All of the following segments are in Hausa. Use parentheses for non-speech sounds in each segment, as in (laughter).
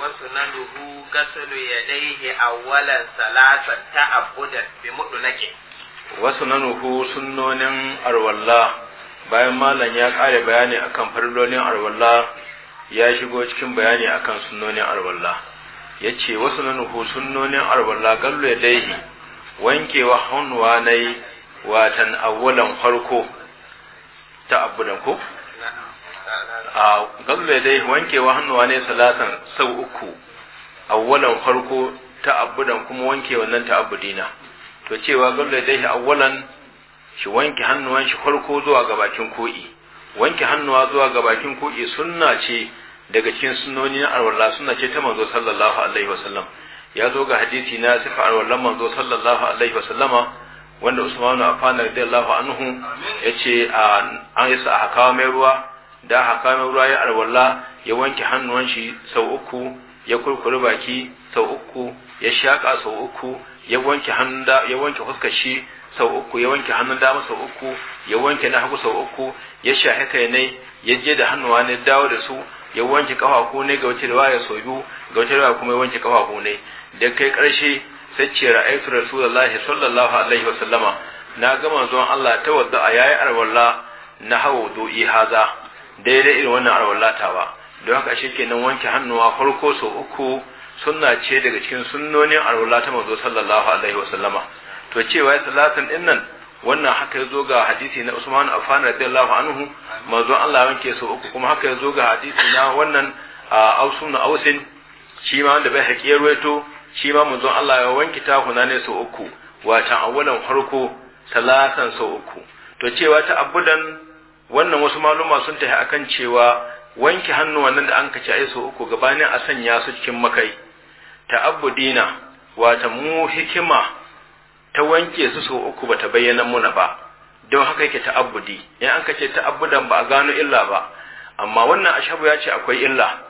وسننه غسل يديه أولا ثلاثا تعبدا بمطلقه وسننه سنون Arwalla, bayan malam ya ƙare bayani akan farlolin arwalla ya shigo cikin bayani akan sunnonin arwalla ya ce wasu nuhu sunnonin arwalla gallo ya laihi wankewa hannuwa na watan awwalan farko ta abudan ko a gamme dai wankewa hannuwa ne salatan sau uku awwalan farko abudan kuma wanke wannan abudina to cewa gamme dai awwalan shi wanke hannuwan shi farko zuwa gabakin ko'i wanke hannuwa zuwa gabakin ko'i sunna ce daga cikin sunnoni na alwala sunna ce ta manzo sallallahu alaihi wasallam ya zo ga hadisi na sifa alwalan manzo sallallahu alaihi wasallama wanda Usman ibn Affan radiyallahu anhu yace an isa a kawo mai ruwa da aka kame ruwa ya alwala ya wanke hannuwan shi sau uku ya kurkure baki sau uku ya shaka sau uku ya wanke hannun ya wanke fuskar shi sau uku ya wanke hannun dama sau uku ya wanke na hagu sau uku ya sha kai ne ya je da hannuwa ne dawo da su ya wanke kafafu ne ga wata riwaya sau biyu ga wata riwaya kuma ya wanke kafafu ne da kai karshe sai ce ra'aytu rasulullahi sallallahu alaihi wa sallama na gama zuwan Allah ta tawadda yayi alwala na hawo do'i haza daidai irin wannan alwallatawa don haka shi nan wanke hannuwa farko sau uku sunna ce daga cikin sunnonin alwallata ta manzo sallallahu alaihi wa sallama to cewa salatin din wannan haka ya zo ga hadisi na Usman Affan radiyallahu anhu manzo Allah wanke sau uku kuma haka ya zo ga hadisi na wannan Ausun Ausin shi ma wanda bai haƙiyar ruwaito shi ma manzo Allah ya wanke ta huna ne sau uku a awwalan farko salatan sau uku to cewa ta abudan wannan wasu maluma sun tafi akan cewa wanke hannu wannan da an kaci ai so uku gabanin a sanya su cikin makai ta'abbudina wata mu hikima ta wanke su sau uku bata bayyana muna ba don haka yake ta'abbudi in an kace ta'abbudan ba a gano illa ba amma wannan ashabu ya ce akwai illa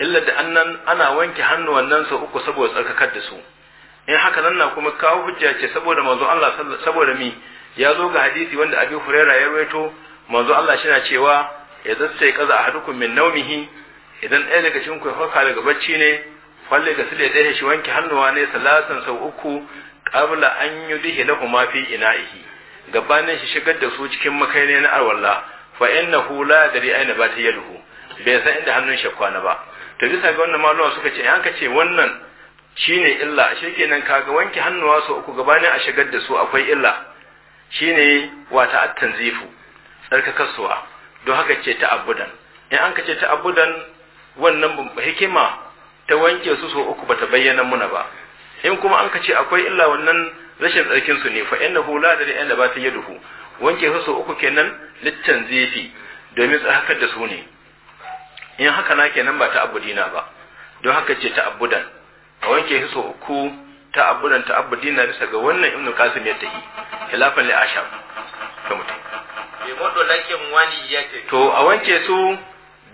illa da annan ana wanke hannu nan sau uku saboda tsarkakar da su in haka nan na kuma kawo hujja ce saboda manzo Allah saboda mi ya zo ga hadisi wanda Abi Hurairah ya rawaito manzo Allah shi cewa ya zasta ya kaza a hadukun min naumihi idan ɗaya daga cikin ku hauka daga bacci ne falle ga sule ɗaya shi wanke hannuwa ne salasan sau uku kabla an duhi lahu ma fi ina'ihi gabanin shi shigar da su cikin ne na arwalla fa hula la dari aina ba ta yalhu bai san inda hannun shi kwana ba to bisa ga wannan malama suka ce an ka ce wannan shine illa shi kenan kaga wanke hannuwa sau uku gabanin a shigar da su akwai illa shine wata at-tanzifu tsarkakarsuwa don haka ce ta abudan in an ka ce ta abudan wannan hikima ta wanke su so uku bata bayyana muna ba in kuma an ka ce akwai illa wannan rashin tsarkin su ne fa innahu la da inda ba ta yaduhu wanke su so uku kenan littan zefi domin tsarkar da su ne in haka na kenan ba ta abudina ba don haka ce ta abudan a wanke su so uku ta abudan ta abudina bisa ga wannan ibnu kasim ya yi khilafan li asham ta mutum to a wanke su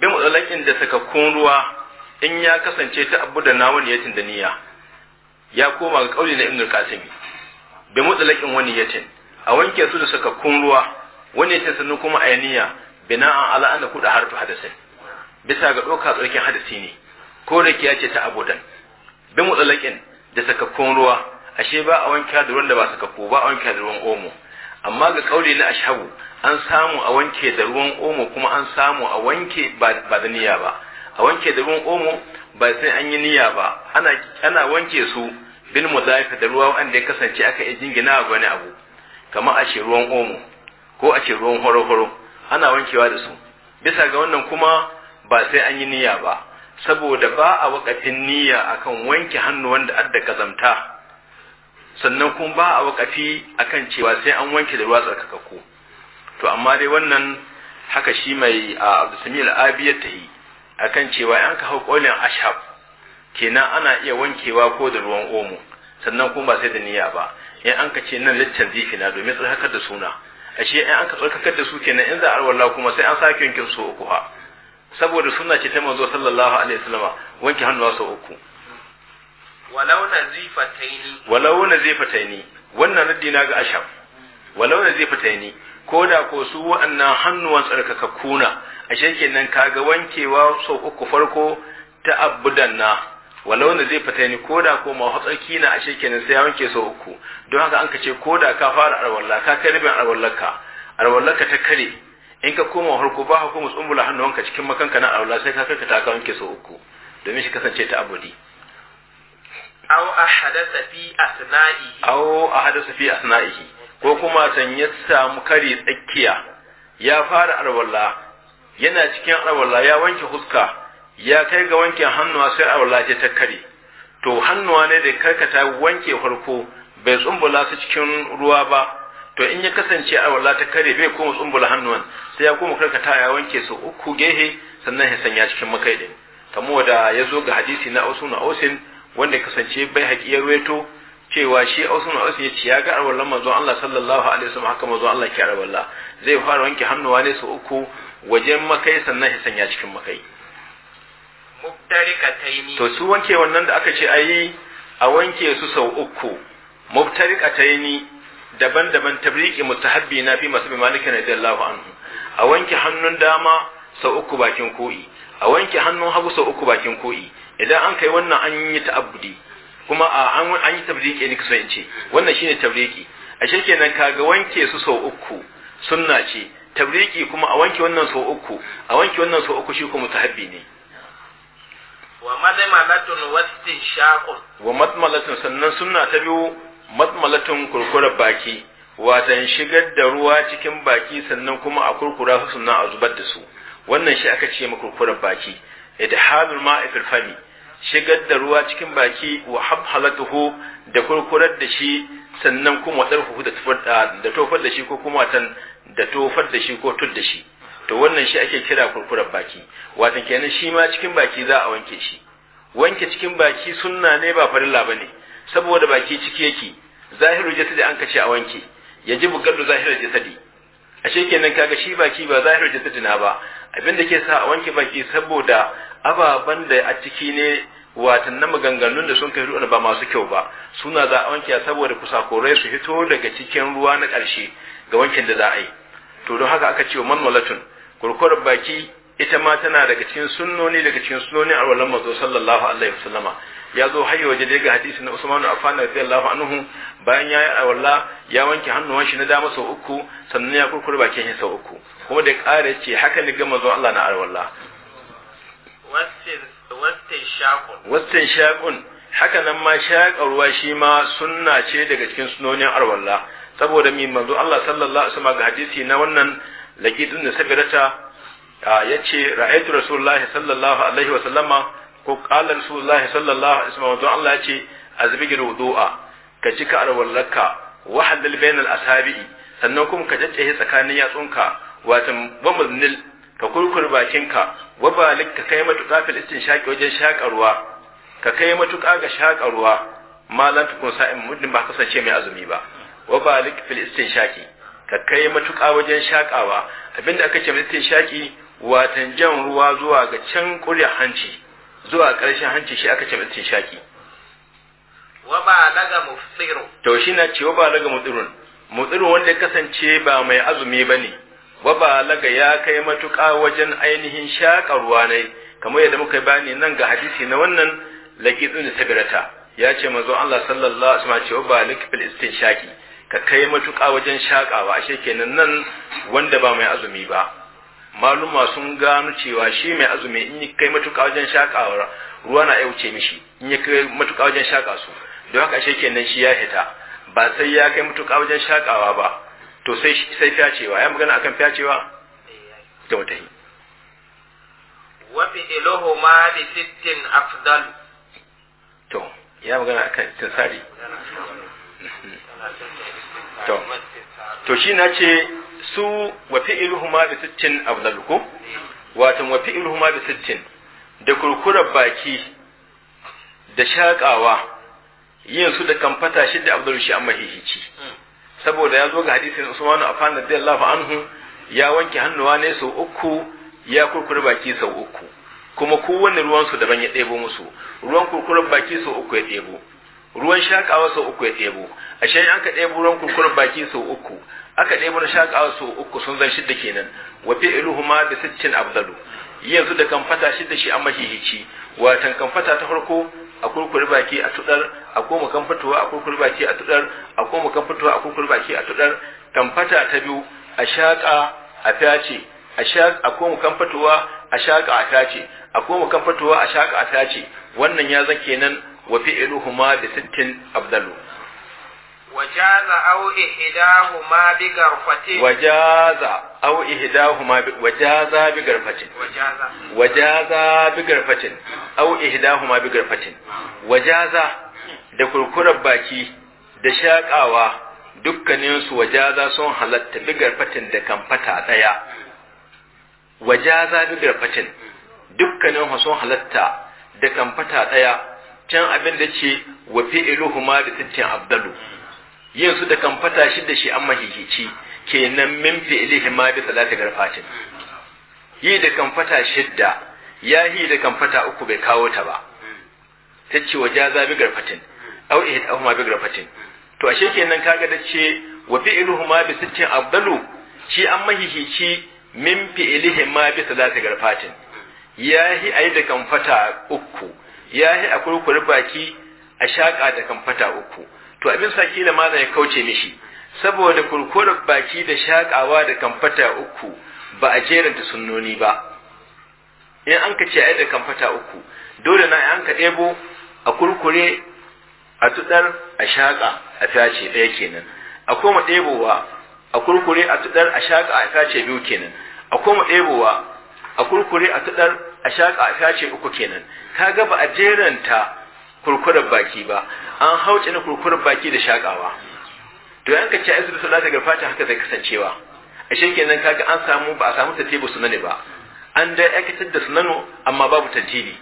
bi mutsalakin da sakakkun ruwa in ya kasance ta abu da nawa yatin da niyya ya koma ga kauli na ibnul kasimi bi mutsalakin wani yatin a wanke su da sakakkun ruwa wani yatin sannan kuma a niyya an ala da kuɗa harfi hadasin bisa ga doka tsarkin hadasi ne ko da ya ce ta abudan bi mutsalakin da sakakkun ruwa ashe ba a wanke da ruwan da ba sakakku ba a wanke da ruwan omo amma ga kauli na ashabu an samu a wanke da ruwan omo kuma an samu a wanke ba da niyya ba a wanke da ruwan omo ba sai an yi niyya ba ana ana wanke su bil mudaifa da ruwa wanda ya kasance aka yi jingina ga wani abu kamar a ce ruwan omo ko a ce ruwan horo-horo ana wankewa da su bisa ga wannan kuma ba sai an yi niyya ba saboda ba a wakafin niyya akan wanke hannu wanda adda kazamta sannan kuma ba a wakafi kan cewa sai an wanke da ruwa tsarkakakku to amma dai wannan haka shi mai a abdusami ta ya tahi kan cewa an ka hau ashab kenan ana iya wankewa ko da ruwan omo sannan kuma ba sai da niyya ba in an ka ce nan littan zifina domin tsarkakar da suna ashe in an ka tsarkakar da su kenan in za a arwallah kuma sai an sake wankin su uku ha saboda suna ce ta manzo sallallahu alaihi wasallama wanke hannuwa sau uku walau nazifataini walau nazifataini wannan raddi na ga ashab walau zifataini ko da ko su wa'annan hannuwan tsarkaka kuna a nan ka kaga wankewa sau uku farko ta abudan na walau na zai ni ko da ko ma hatsarki na shekin nan sai ya wanke sau uku don haka an kace ko da ka fara arwalla ka kai rubin arwallaka arwallaka ta kare in ka koma harko ba koma tsumbula hannuwanka cikin makanka na arwalla sai ka kai ka ta wanke sau uku domin shi kasance ta abudi aw ahadatha fi asna'ihi aw ahadatha fi asna'ihi ko kuma san ya samu kare tsakiya ya fara arwalla yana cikin arwalla ya wanke huska ya kai ga wankin hannuwa sai arwalla ce ta kare to hannuwa ne da karkata wanke farko bai tsumbula su cikin ruwa ba to in ya kasance arwalla ta kare bai kuma tsumbula hannuwan sai ya koma karkata ya wanke su uku gehe sannan ya sanya cikin makaidin kamar da ya zo ga hadisi na ausu usin wanda ya kasance bai haƙi ya ruweto cewa shi ausun aus ya ci ya ga arwallan manzon Allah sallallahu alaihi wasallam haka manzon Allah ke arwalla zai fara wanke hannuwa ne su uku wajen makai sannan ya sanya cikin makai to su wanke wannan da aka ce ayi a wanke su sau uku mubtarikataini daban-daban tabriki mutahabbi na fi masu da Allahu anhu a wanke hannun dama sau uku bakin ko'i a wanke hannun hagu sau uku bakin ko'i idan an kai wannan an yi ta'abbudi kuma an yi tabriki ne kusan ce wannan shine tabriki a kenan kaga wanke su sau uku sunna ce tabriki kuma a wanke wannan sau uku a wanke wannan sau uku shi kuma tahabbi ne wa madmalatun wastinshaqun wa madmalatun sannan sunna ta biyu madmalatun kurkurar baki watan shigar da ruwa cikin baki sannan kuma a kurkura su sannan a zubar da su wannan shi aka ce makurkurar baki idhalul ma'i fil fami shigar da ruwa cikin baki wa habhalatuhu da kurkurar da shi sannan kuma huhu ah, da tofar da shi ko kuma watan da tofar da shi ko tud da shi to wannan shi ake kira kurkurar baki watan kenan shi ma cikin baki za a wanke shi wanke cikin baki sunna ne ba farilla bane saboda baki ciki yake zahiru jasadi an kace a wanke yajibu gallu zahiru jasadi ashe kenan kaga shi baki ba zahiru jasadi na ba abin da ke sa a wanke baki saboda ababen da a ciki ne watan na maganganun da sun kai ruwan ba masu kyau ba suna za a wanke saboda kusakorai su hito daga cikin ruwa na ƙarshe ga wankin da za a yi to don haka aka ce wa manwalatun kurkurar baki ita ma tana daga cikin sunnoni daga cikin sunnoni a wallan mazo sallallahu alaihi wasallama ya zo hayo waje daga hadisi na Usman afan radiyallahu anhu bayan ya yi awalla ya wanke hannuwan shi na dama sau uku sannan ya kurkure bakin shi sau uku kuma da ƙara ce haka ne ga mazo Allah na awalla wastin shaqun haka nan ma shaƙa ruwa shi ma sunna ce daga cikin sunonin arwalla saboda min manzo Allah sallallahu alaihi wasallam ga hadisi na wannan lakidun da sabirata ya ce ra'aytu rasulullahi sallallahu alaihi wa sallama ko qala rasulullahi sallallahu alaihi wa sallama Allah ya ce azbigir wudu'a ka cika alwallaka wa halal bainal asabi'i sannan kuma ka jajjahe tsakanin yatsunka wato bamaznil ka kurkur bakinka wa balik ka kai matuƙa fil istinshaqi wajen shakarwa ka kai matuƙa ga shakarwa malan tukun sa'in muddin ba kasance mai azumi ba wa balik fil istinshaqi ka kai matuƙa wajen shakawa abinda aka ce mai istinshaqi watan jan ruwa zuwa ga can ƙurya hanci zuwa ƙarshen hanci shi aka ce mace shaki wa laga mutsiru to shi na ce wa laga mutsirun mutirun wanda kasance ba mai azumi bane wa laga ya kai matuƙa wajen ainihin shaƙa ruwa ne kamar yadda muka bani nan ga hadisi na wannan laqitun sabirata ya ce mazo Allah sallallahu alaihi wasallam ce wa balik fil istinshaki ka kai matuƙa wajen shaƙawa ashe kenan nan wanda ba mai azumi ba maluma sun gano cewa shi mai azumi in ya kai matuƙa wajen shaƙawa ruwa na wuce mishi in ya kai matuƙa wajen shaƙa su don haka shi kenan shi ya hita ba sai ya kai matuƙa wajen shaƙawa ba to sai sai cewa ya magana akan fyacewa ta wata yi wafi fi'luhu ma li sittin afdal to ya magana akan tinsari to shi na ce su wa fi'iluhuma bi sittin afdalukum wato wa fi'iluhuma bi sittin da kurkurar baki da shakawa yin su da kamfata shi da abdul shi amma saboda ya zo ga hadisin usman afan radiyallahu anhu ya wanke hannuwa ne sau uku ya kurkura baki sau uku kuma kowanne ruwan su daban ya ɗebo musu ruwan kurkurar baki sau uku ya ɗebo ruwan shakawa sau uku ya ɗebo ashe an ka ɗebo ruwan kurkuren baki sau uku aka ɗebo na shakawa sau uku sun zan shidda kenan wa ma da sittin afdalu yanzu da kan fata shidda shi an mahihici watan kan fata ta farko a kurkure baki a tudar a koma kan fitowa a kurkure baki a tudar a koma kan fitowa a kurkure baki a tudar kan fata ta biyu a shaka a fyace a shaka a koma kan fitowa a shaka a fyace a koma kan fitowa a shaka a fyace wannan ya zan kenan wa fi'luhuma bi sittin afdalu وجاز أو إحداهما بغرفة وجاز أو إحداهما ب... وجاز بغرفة وجاز وجاز بغرفة أو إحداهما بغرفة وجاز da kurkurar baki da shaƙawa dukkaninsu wajaza sun halatta bigarfatin da kamfata ɗaya wajaza bigarfatin dukkanin sun halatta da kamfata ɗaya can abin da ce wa fi'iluhuma da sittin abdalu yin su da kan fata shi da shi an mahihici kenan min fi'ilihima bi salati garfatin yi da kan fata shidda ya yi da kan fata uku bai kawo ta ba ta ce wa jaza bi garfatin au ihid au ma bi garfatin to ashe kenan kaga da ce wa fi'iluhuma bi sittin abdalu shi an mahihici min fi'ilihima bi salati garfatin ya yi ayi da kan fata uku ya yi a kurkuri baki a shaƙa da kamfata uku to abin sa kila malam ya kauce mishi saboda kurkuri baki da shaƙawa da kamfata uku ba a jeranta sunnoni ba in an ka ce a da kamfata uku dole na an ka ɗebo a kurkure a tudar a shaƙa a tace ɗaya kenan a koma ɗebowa a kurkure a tudar a shaƙa a tace biyu kenan a koma ɗebowa a kurkure a tudar a shaƙa a ce uku kenan ka ga ba a jeranta kurkurar baki ba an hauce na kurkurar baki da shaƙawa to yanka ce aisu da salata ga fata haka zai kasancewa a kenan kaga an samu ba a samu tartibu sunani ba an dai aikatar da sunano amma babu tartibi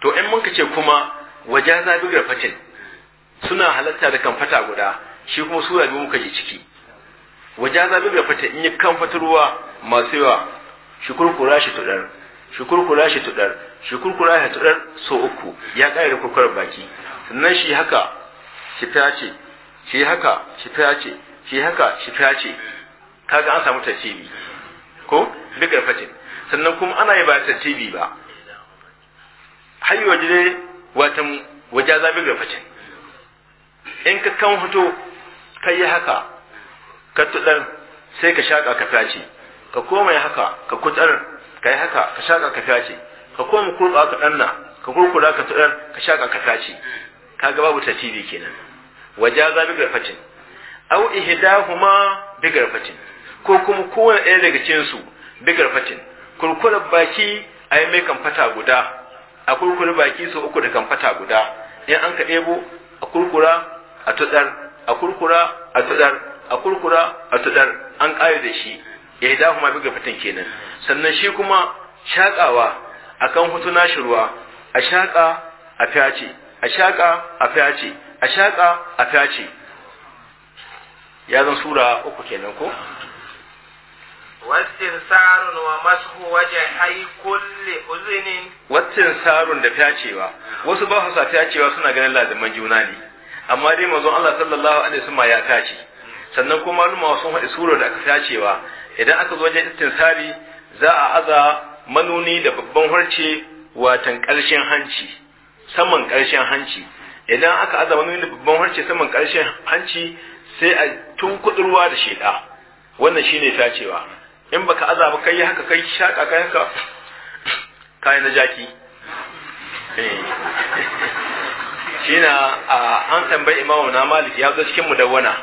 to in mun ce kuma waja zabi fatin suna halatta da kamfata guda shi kuma sura biyu muka je ciki waja zabi fatin in yi kamfata ruwa masu yawa shi kurkura shi tudar shi kurkura shi tudar shi kurkura shi tudar so uku ya kare kurkurar baki sannan shi haka shi tace shi haka shi tace shi haka shi tace kaga an samu tartibi ko duk fatin sannan kuma ana yi ba tartibi ba hayyo jire wata waja waje zabi ga in ka kan hoto ka yi haka ka tudar sai ka shaka ka tace ka koma haka ka kutar kai haka ka shaka ka tace ka koma kurba ka danna ka kurkura ka tsar ka shaka ka tace kaga babu tartibi kenan za bi garfatin aw ihdahuma bi garfatin ko kuma kowane ɗaya daga cikin su bi garfatin kurkura baki ai mai kamfata guda a kurkura baki su uku da kamfata guda in an ka ɗebo a kurkura a tudar a kurkura a tudar a kurkura a tudar an ƙare da shi ya da kuma buga fitan kenan sannan shi kuma shakawa akan hutu na shirwa a shaka a fyace a shaka a fyace a shaka a fyace ya zan sura uku kenan ko wa wajen hai kulle uzinin wattin sarun da fyacewa wasu ba su sa fyacewa suna ganin laziman juna ne amma dai manzon Allah sallallahu alaihi wasallam ya fyace sannan kuma malumawa sun haɗe sura da aka fyacewa idan aka zo wajen istinsari za a aza manuni da babban harce watan ƙarshen hanci saman ƙarshen hanci idan aka aza manuni da babban harce saman ƙarshen hanci sai a tun kudurwa da sheda wannan shine tacewa in baka aza ba kai haka kai shaka kai haka kai na jaki eh. (laughs) shine a an tambayi imamu na malik ya zo cikin mudawwana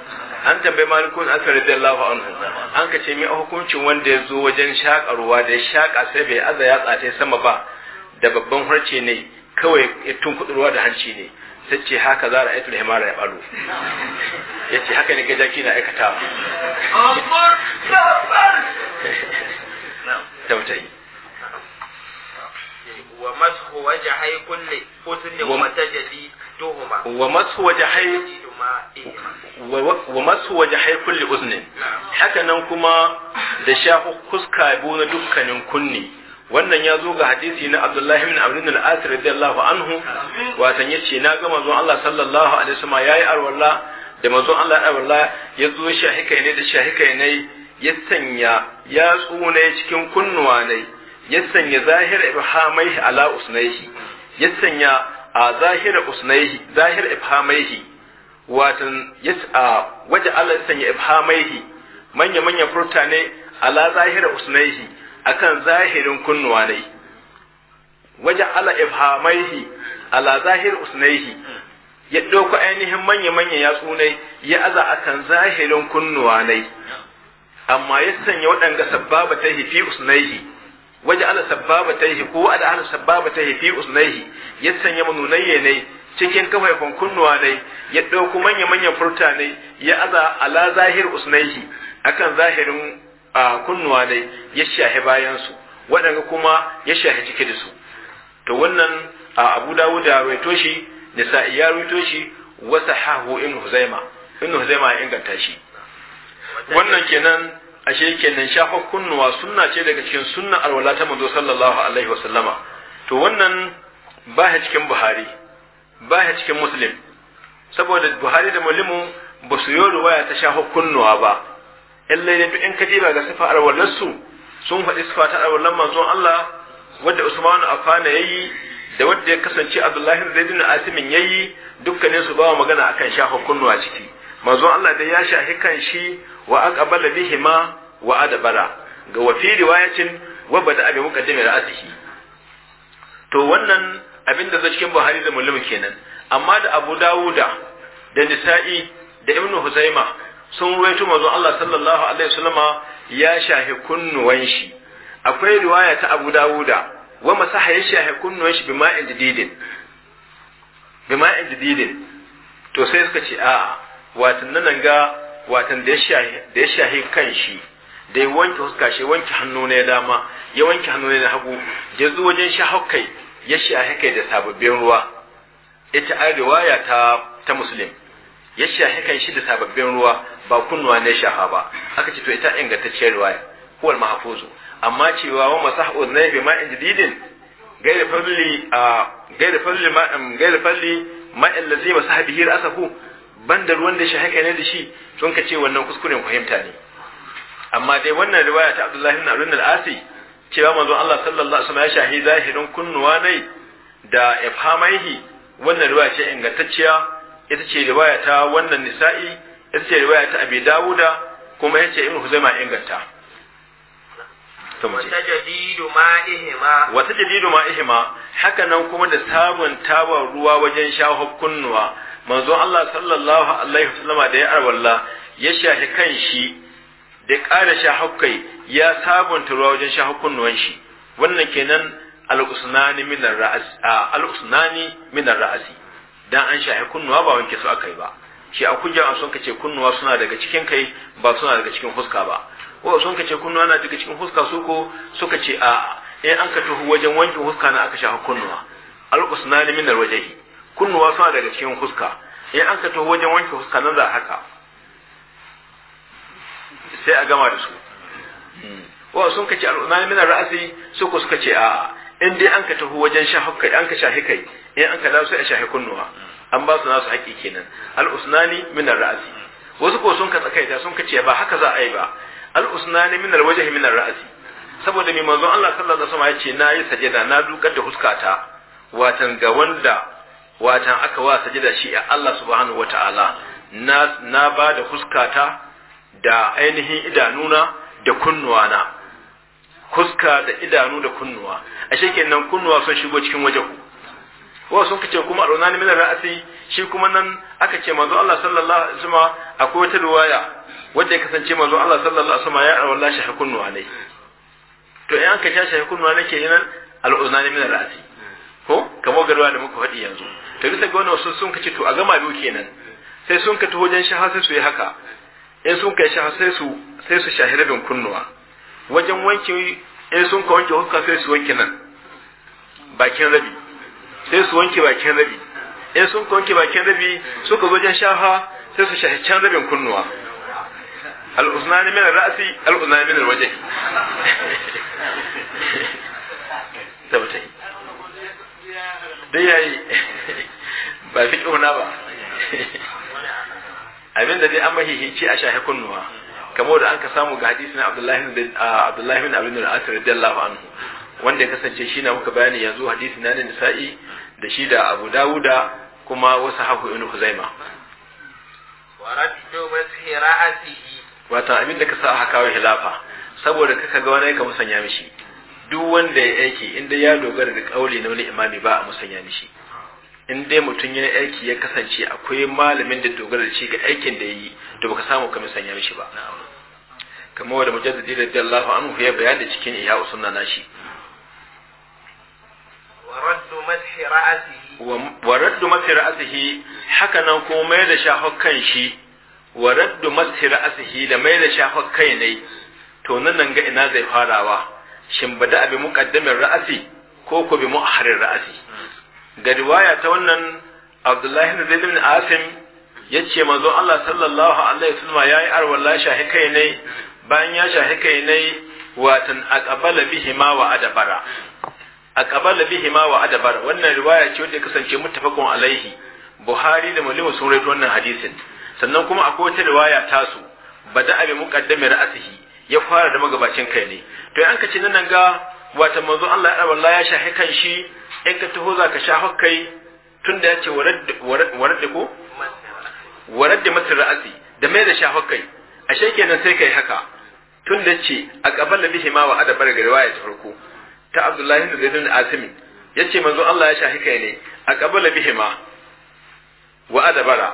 an tambayi malikun asar radiyallahu anhu an ka ce mi a hukuncin wanda ya zo wajen shakarwa da ya shaka sai bai aza ya tsate sama ba da babban harce ne kawai ya tunkuɗurwa da hanci ne sai ce haka za a aitu da himara ya balo ya ce haka ne gaja na aikata tautayi wa masu waje hai kulle sun ne ta matajadi tuhuma wa masu waje hai wa masu waje haikun haka hakanan kuma da shafi kuska na dukkanin kunni wannan ya zo ga hadisi na abdullahi min abdul al-asir radiyallahu anhu ya yace na ga manzon Allah sallallahu alaihi wasallam yayi arwalla da manzon Allah arwalla ya zo shahika ne da shahika ne ya sanya ya tsune cikin kunnuwa ne ya sanya zahir ibhamaihi ala usnaihi ya sanya a zahira usnaihi zahir ibhamaihi watan yas'a waje Allah sanya ibhamaihi manya manya furta ne ala zahira usnaihi akan zahirin kunnuwa ne waje ala ibhamaihi ala zahir usnaihi ya ɗauko ainihin manya manya ya tsunai ya aza akan zahirin kunnuwa ne amma ya sanya waɗanga sababa ta fi usnaihi waje ala sababa ta ko ala sababa ta fi usnaihi ya sanya manunayye ne cikin kafaifan kunnuwa ne ya ɗauko manya-manyan furta ne ya aza ala zahir usnaihi akan zahirin kunnuwa ne ya shahi bayansu waɗanda kuma ya shahi ciki da su to wannan abu dawud ya rawaito shi nisa'i ya rawaito shi wa sahahu ibn huzaima ibn huzaima ya inganta shi wannan kenan ashe kenan shafa kunnuwa sunna ce daga cikin sunna alwala ta manzo sallallahu alaihi wasallama to wannan ba cikin buhari ba ya cikin muslim saboda buhari da mulimu ba su yi waya ta sha hukunnuwa ba illa ne duk in ka diba ga sifa su sun faɗi sifa ta arwallar manzon Allah wadda usman afana yayi da wadda ya kasance Abdullahi Zaid bin Asimin yayi dukkanin su ba magana akan sha hukunnuwa ciki manzon Allah da ya shahi kan shi wa aqbala bihima wa adbara ga wafi riwayatin wa bada abi muqaddimi ra'atihi to wannan abin da cikin buhari da mulmu kenan amma da abu dawuda da nisa'i da Ibn husayma sun ruwaito manzon Allah sallallahu alaihi wasallama ya shahi kunnuwan shi akwai riwaya ta abu dawuda wa masaha ya shahi kunnuwan shi bima'in jadidin bima'in jadidin to sai suka ce a'a watan nan ga watan da ya shahi kan shi da ya wanke huska shi wanke hannu na dama ya wanke hannu na hagu ya zo wajen shahokai ya shahi da sababbin ruwa ita an riwaya ta ta muslim ya shahi shi da sababbin ruwa ba kunnuwa ne shaha ba aka ce to ita ingantacciyar riwaya huwal mahfuzu amma cewa wa masahu na bi ma'in jadidin gairi falli a gairi falli ma'in gairi falli ma'in lazi masahibi rasahu banda ruwan da shahi ne da shi sun ka ce wannan kuskuren fahimta ne amma dai wannan riwaya ta Abdullahi ibn Abdul Asi cewa manzon Allah sallallahu alaihi wasallam ya shahi zahirin kunnuwa nai da ifhamaihi wannan riwaya ce ingantacciya ita ce riwaya ta wannan nisa'i ita ce riwaya ta abi dawuda kuma yace ibnu huzaima inganta wata jadidu ma ihima haka nan kuma da sabon tabar ruwa wajen shaho kunnuwa manzo Allah sallallahu alaihi wasallama da ya arwalla ya shahi kan shi da ƙara shahukkai ya sabunta ruwa wajen shahukkunnuwan shi wannan kenan al-usnani min ar-ra'si al-usnani min ar-ra'si dan an shahi kunnuwa ba wanke su akai ba shi a an sun kace kunnuwa suna daga cikin kai ba suna daga cikin huska ba ko sun kace kunnuwa na daga cikin huska su ko suka ce a eh an ka tuhu wajen wanke huska na aka shahi kunnuwa al-usnani min ar-wajhi kunnuwa suna daga cikin huska eh an ka tuhu wajen wanke huska nan za haka sai a gama da su wa sun kace al'umma min ra'asi su ku suka ce a in dai an ka taho wajen shahukai an ka shahi kai in an ka dawo sai a shahi kunnuwa an ba su nasu haƙi kenan al'usnani min ra'asi wasu ko sun ka da sun ka ce ba haka za a yi ba al'usnani min alwajhi min ra'asi saboda mai manzon Allah sallallahu alaihi wasallam ya ce na yi sajada na dukar da huskata watan ga wanda watan aka wa sajada shi a Allah subhanahu wataala na na ba da huskata da ainihin idanuna da kunnuwana Kuska da idanu da kunnuwa ashe kenan kunnuwa sun shigo cikin waje ku. wa sun kace kuma aruna ne min ra'asi shi kuma nan aka ce manzo Allah sallallahu alaihi wasallam akwai wata riwaya wanda ya kasance manzo Allah sallallahu alaihi wasallam ya wallahi shi kunnuwa ne to in aka shashi kunnuwa ne ke nan al'uzna ne min ra'asi ko kamar garwa da muka faɗi yanzu to bisa ga wannan sun kace to a gama biyu kenan sai sun ka taho wajen shaha sai su yi haka in sun kai shaha sai su sai su shahira bin kunnuwa wajen wanki in sun ka wanke huska sai su wanke nan bakin rabi sai su wanke bakin rabi in sun ka wanke bakin rabi suka zo wajen shaha sai su shahi can rabin kunnuwa al'uznani min ra'si al'uznani min waje (laughs) tabbata dai yayi (laughs) ba fi ƙuna ba (laughs) abin da dai an mahihici a shahe kunnuwa kamar da an ka samu ga hadisi na Abdullahi bin Abin al-Asir radiyallahu anhu wanda ya kasance shi na muka bayani yanzu hadisi na Nisa'i da shi da Abu Dawuda kuma wasu haku Ibn Khuzaima waraddu wata abin da ka sa aka kawo hilafa saboda kaka ga wani ka musanya mishi duk wanda ya aiki inda ya dogara da kauli na wani imami ba a musanya mishi in dai mutum yana aiki ya kasance akwai malamin da dogara da shi ga aikin da yi to baka samu kamar sanya mishi ba kamar wanda mujaddidi radiyallahu anhu ya da cikin iya usunna nashi wa raddu mathi ra'atihi haka nan kuma mai da shahukan shi wa raddu mathi ra'atihi da mai da shahukan ne to nan ga ina zai farawa shin bada abi muqaddamin ra'asi ko ko bi mu'ahharir ra'asi hmm. ga riwaya ta wannan abdullahi bin zaid bin asim yace manzo Allah sallallahu alaihi wasallam yayi arwala shahi kai ne bayan ya shahi kai ne watan aqbala bihima wa adabara aqbala bihima wa adabara wannan riwaya ce ya kasance muttafaqun alaihi Buhari da Muslim sun rawaito wannan hadisin sannan kuma akwai wata riwaya tasu bada abi muqaddami ra'sihi ya fara da magabacin kai ne to an kace nan ga wata manzo Allah ya Allah ya shahi kan shi in ka taho za ka sha hakkai da ya ce warar da ko warar da masu ra'asi da mai da sha hakkai a shekenan sai kai haka tunda ce a kabal da bihima wa adabar ga riwaya ta farko ta Abdullahi da Zaidun Asimi ya ce manzo Allah ya shahi kai ne a kabal da bihima wa adabara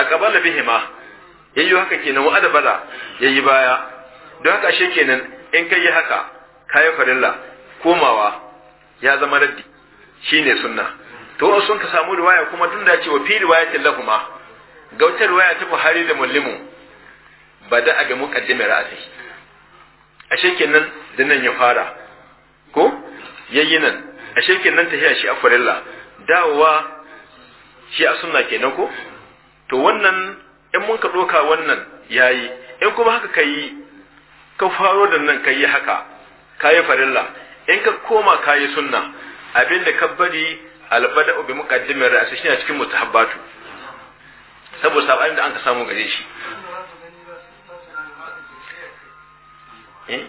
a kabal da bihima yayyo haka kenan wa adabara yi baya don haka kenan in ka yi haka yi farilla komawa ya zama raddi shi ne sunna to wasu sun ka samu riwaya kuma tun da cewa fi riwaya lahuma kuma? Gautar riwaya ta Buhari da Muslimu bada a ga muqaddimar A ashe kenan da nan ya fara ko yayi nan ashe kenan tahiya shi a farilla dawowa shi a sunna kenan ko to wannan in mun ka doka wannan yayi in kuma haka kai ka faro da nan kai haka kayi farilla in ka koma kayi sunna abinda ka bari albada bi muqaddimin ra'si shine cikin mutahabbatu saboda sabanin da an ka samu gare shi eh?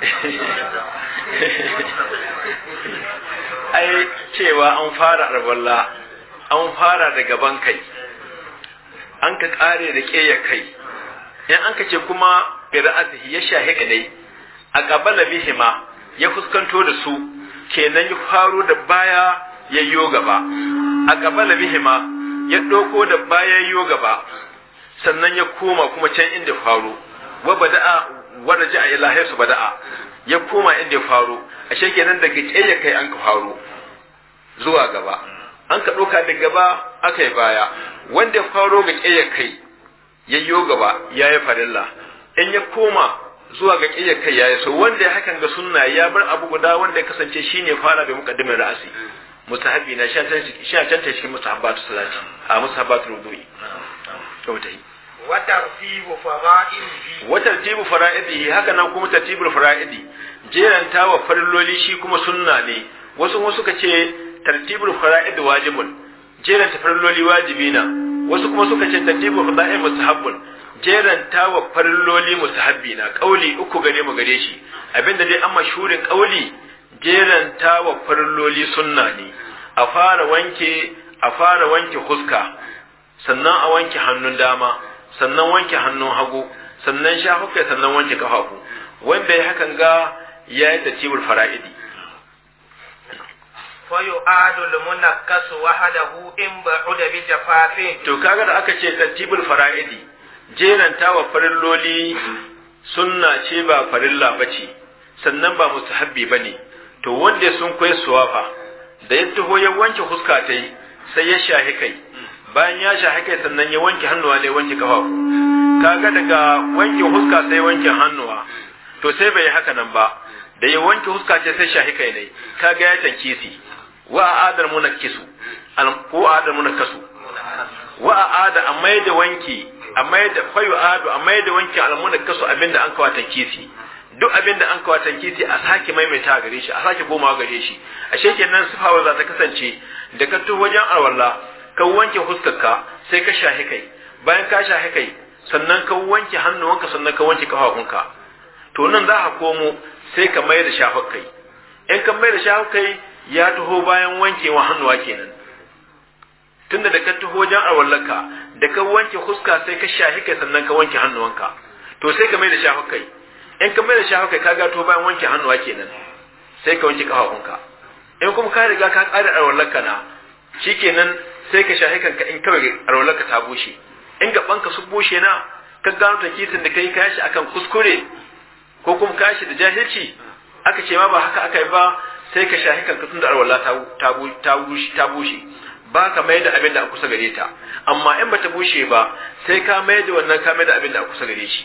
(laughs) ai cewa an fara arballa an fara da gaban kai an ka kare da keya kai in an ka ce kuma bi ya shahe kadai a qabala bihima ya fuskanto da su kenan ya faro da baya ya yo gaba a qabala bihima ya doko da baya ya yo gaba sannan ya koma kuma can inda faro wa bada'a wa raja'a ila hayyisu bada'a ya koma inda ya faro sheke kenan daga tsaye kai an ka faro zuwa gaba an ka ɗauka daga gaba aka yi baya wanda ya faro ga tsaye kai yayyo gaba ya yi farilla in ya koma zuwa ga kiyar kai ya so wanda ya hakan ga sunna ya bar abu guda wanda ya kasance shine fara bai muqaddimin ra'asi mustahabi na sha canta cikin mustahabatu salati a mustahabatu rubu'i to ta wa tartibu fara'idihi haka nan kuma tartibul fara'idi jeranta wa farilloli shi kuma sunna ne wasu wasu suka ce tartibul fara'id wajibun jeranta farilloli wajibina na wasu kuma suka ce tartibul fara'id mustahabbun jeranta wa farilloli mustahabbi na kauli uku gare mu gare shi abinda dai an mashurin kauli jeranta wa farilloli sunna ne a fara wanke a fara wanke huska sannan a wanke hannun dama sannan wanke hannun hagu sannan shafuka sannan wanke kafafu wanda ya hakan ga ya yi tartibul fara'idi fayu'adul munakkasu wahadahu in da bi jafafin to kaga da aka ce tartibul fara'idi jeranta wa farilloli sunna ce ba farilla ba ce sannan ba habbi ba ne to wanda sun suwa fa da ya taho ya wanke huska ta yi sai ya shahi kai bayan ya shahi kai sannan ya wanke hannuwa ne wanke kafafu kaga daga wanke huska sai wanke hannuwa to sai bai haka nan ba da ya wanke huska ce sai shahi kai ne kaga ya tankisi wa adar munakkisu ko adar munakkasu wa ada amma da wanke amma yadda fayu adu amma yadda wanke almuna kaso abinda an kawata kisi duk abinda an kawatan kisi a sake maimaita gare shi a sake gomawa gare shi a sheke nan sufawa za ta kasance da ka tu wajen alwala ka wanke huskarka sai ka shahi kai bayan ka shahi kai sannan ka wanke hannuwanka sannan ka wanke kafafunka to nan za ka komo sai ka mai da shafar kai in ka mai da shafar kai ya taho bayan wankewa hannuwa kenan tunda da ka taho wajen arwallaka da ka wanke huska sai ka shahi kai sannan ka wanke hannuwanka to sai ka mai da shahu kai in ka mai da shahu kai ka ga to bayan wanke hannuwa kenan sai ka wanke kafafunka in kuma ka riga ka ƙara arwallaka na shikenan sai ka shahi kanka in kawai arwallaka ta bushe in gabanka su bushe na ka gano ta kisin da kai kashi akan kuskure ko kuma kashi da jahilci aka ce ma ba haka aka yi ba sai ka shahi kanka tun da arwallaka ta bushe ba ka mai da abin da a kusa gare ta amma in bata bushe ba sai ka mai da wannan ka mai da abin da a kusa gare shi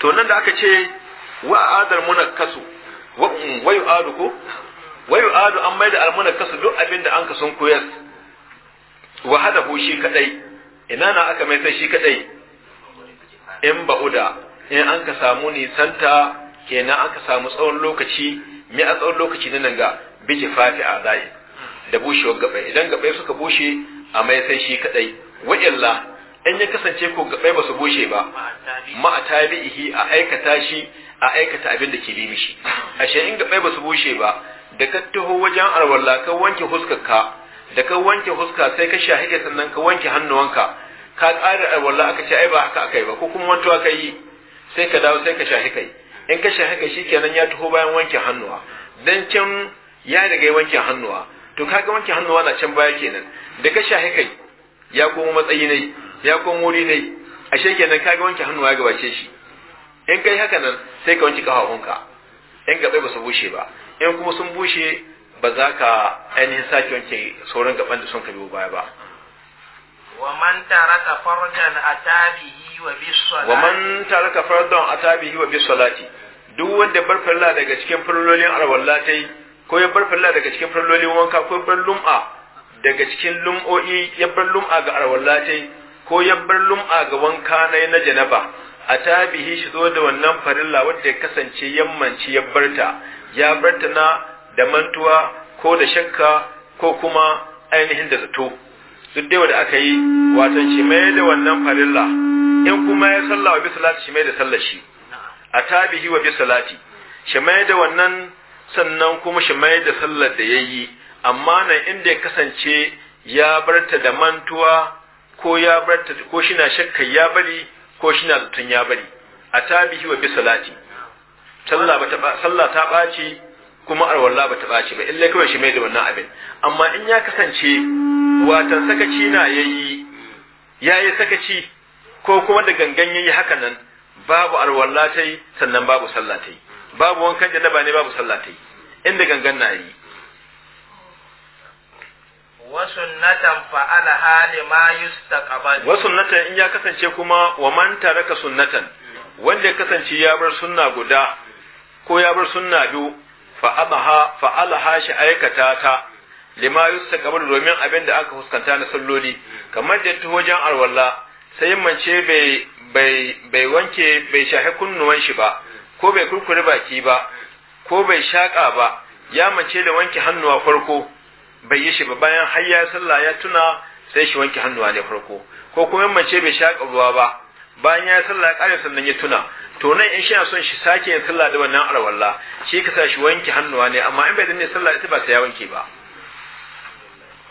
to nan da aka ce wa adar munakkasu wa yu'adu ko wa yu'adu an mai da almunakkasu duk abin da an ka sun koyas wa hadahu shi kadai ina na aka mai sai shi kadai in uda in an ka samu nisanta kenan aka samu tsawon lokaci me a tsawon lokaci na nan ga biji fafi a za'i da bushewar gabai idan gabai suka bushe a mai sai shi kadai wa in ya kasance ko gabai ba su bushe ba ma a tabi'ihi a aikata shi a aikata abin da ke bi mishi ashe in gabai ba su bushe ba da ka taho wajen alwala ka wanke ka da ka wanke huska sai ka shahide sannan ka wanke hannuwanka ka ƙara alwala aka ce ai ba haka aka yi ba ko kuma wantuwa aka yi sai ka dawo sai ka shahi kai in ka shahi shi kenan ya taho bayan wanke hannuwa dan can ya riga wanke hannuwa to kaga wanke hannuwa na can baya kenan da ka shahi kai ya komo matsayi ne ya komo wuri ne ashe kenan kaga wanke hannuwa ya gabace shi in kai haka nan sai ka wanke kafafunka in gabai ba su bushe ba in kuma sun bushe ba za ka ainihin sake wanke sauran gaban da sun ka biyo baya ba Wa taraka fardan atabihi wa bisalati. Wa man taraka fardan atabihi wa bisalati. duk wanda bar farla daga cikin farlolin arwallatai ko ya bar falla daga cikin farlolin wanka ko ya bar lum'a daga cikin lum'o'i ya bar lum'a ga arwallace ko ya bar lum'a ga wanka na na janaba a tabihi shi zo da wannan farilla wanda ya kasance yammanci ya barta ya barta na da mantuwa ko da shakka ko kuma ainihin da zato duk dai wanda aka yi watan shi mai da wannan farilla in kuma ya sallah wa bi salati shi mai da sallar shi a tabihi wa bi salati shi mai da wannan sannan kuma shi mai da sallar da ya yi amma nan inda ya kasance ya barta da mantuwa ko ya barta ko shina shakkar ya bari ko shina zaton ya bari a tabihi wa bi salati sallah ta baci kuma arwalla ba ta ɓaci ba illai kawai shi mai da wannan abin amma in ya kasance watan sakaci na yayi yayi sakaci ko kuma da gangan yayi haka nan babu arwallah tai sannan babu sallah tai babu wankan janaba ne babu sallah ta yi inda gangan na yi wasunnatan fa'ala in ya kasance kuma wa man taraka sunnatan wanda ya kasance ya bar sunna guda ko ya bar sunna biyu fa'amaha fa'alaha shi aikata ta lima yustaqbal domin abin da aka fuskanta na salloli kamar da ta wajen alwala sai mace bai bai bai wanke bai shahi kunnuwan shi ba ko bai kurkure baki ba ko bai shaƙa ba ya mace da wanke hannuwa farko bai yi shi ba bayan har ya sallah ya tuna sai shi wanke hannuwa ne farko ko kuma mace bai shaƙa ruwa ba bayan ya sallah ya ƙare sannan ya tuna to nan in shi son shi sake yin sallah da wannan arwalla shi ka sa shi wanke hannuwa ne amma in bai danne sallah ita ba sai ya wanke ba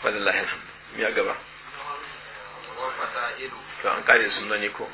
wallahi ya gaba to an kare sunna ne ko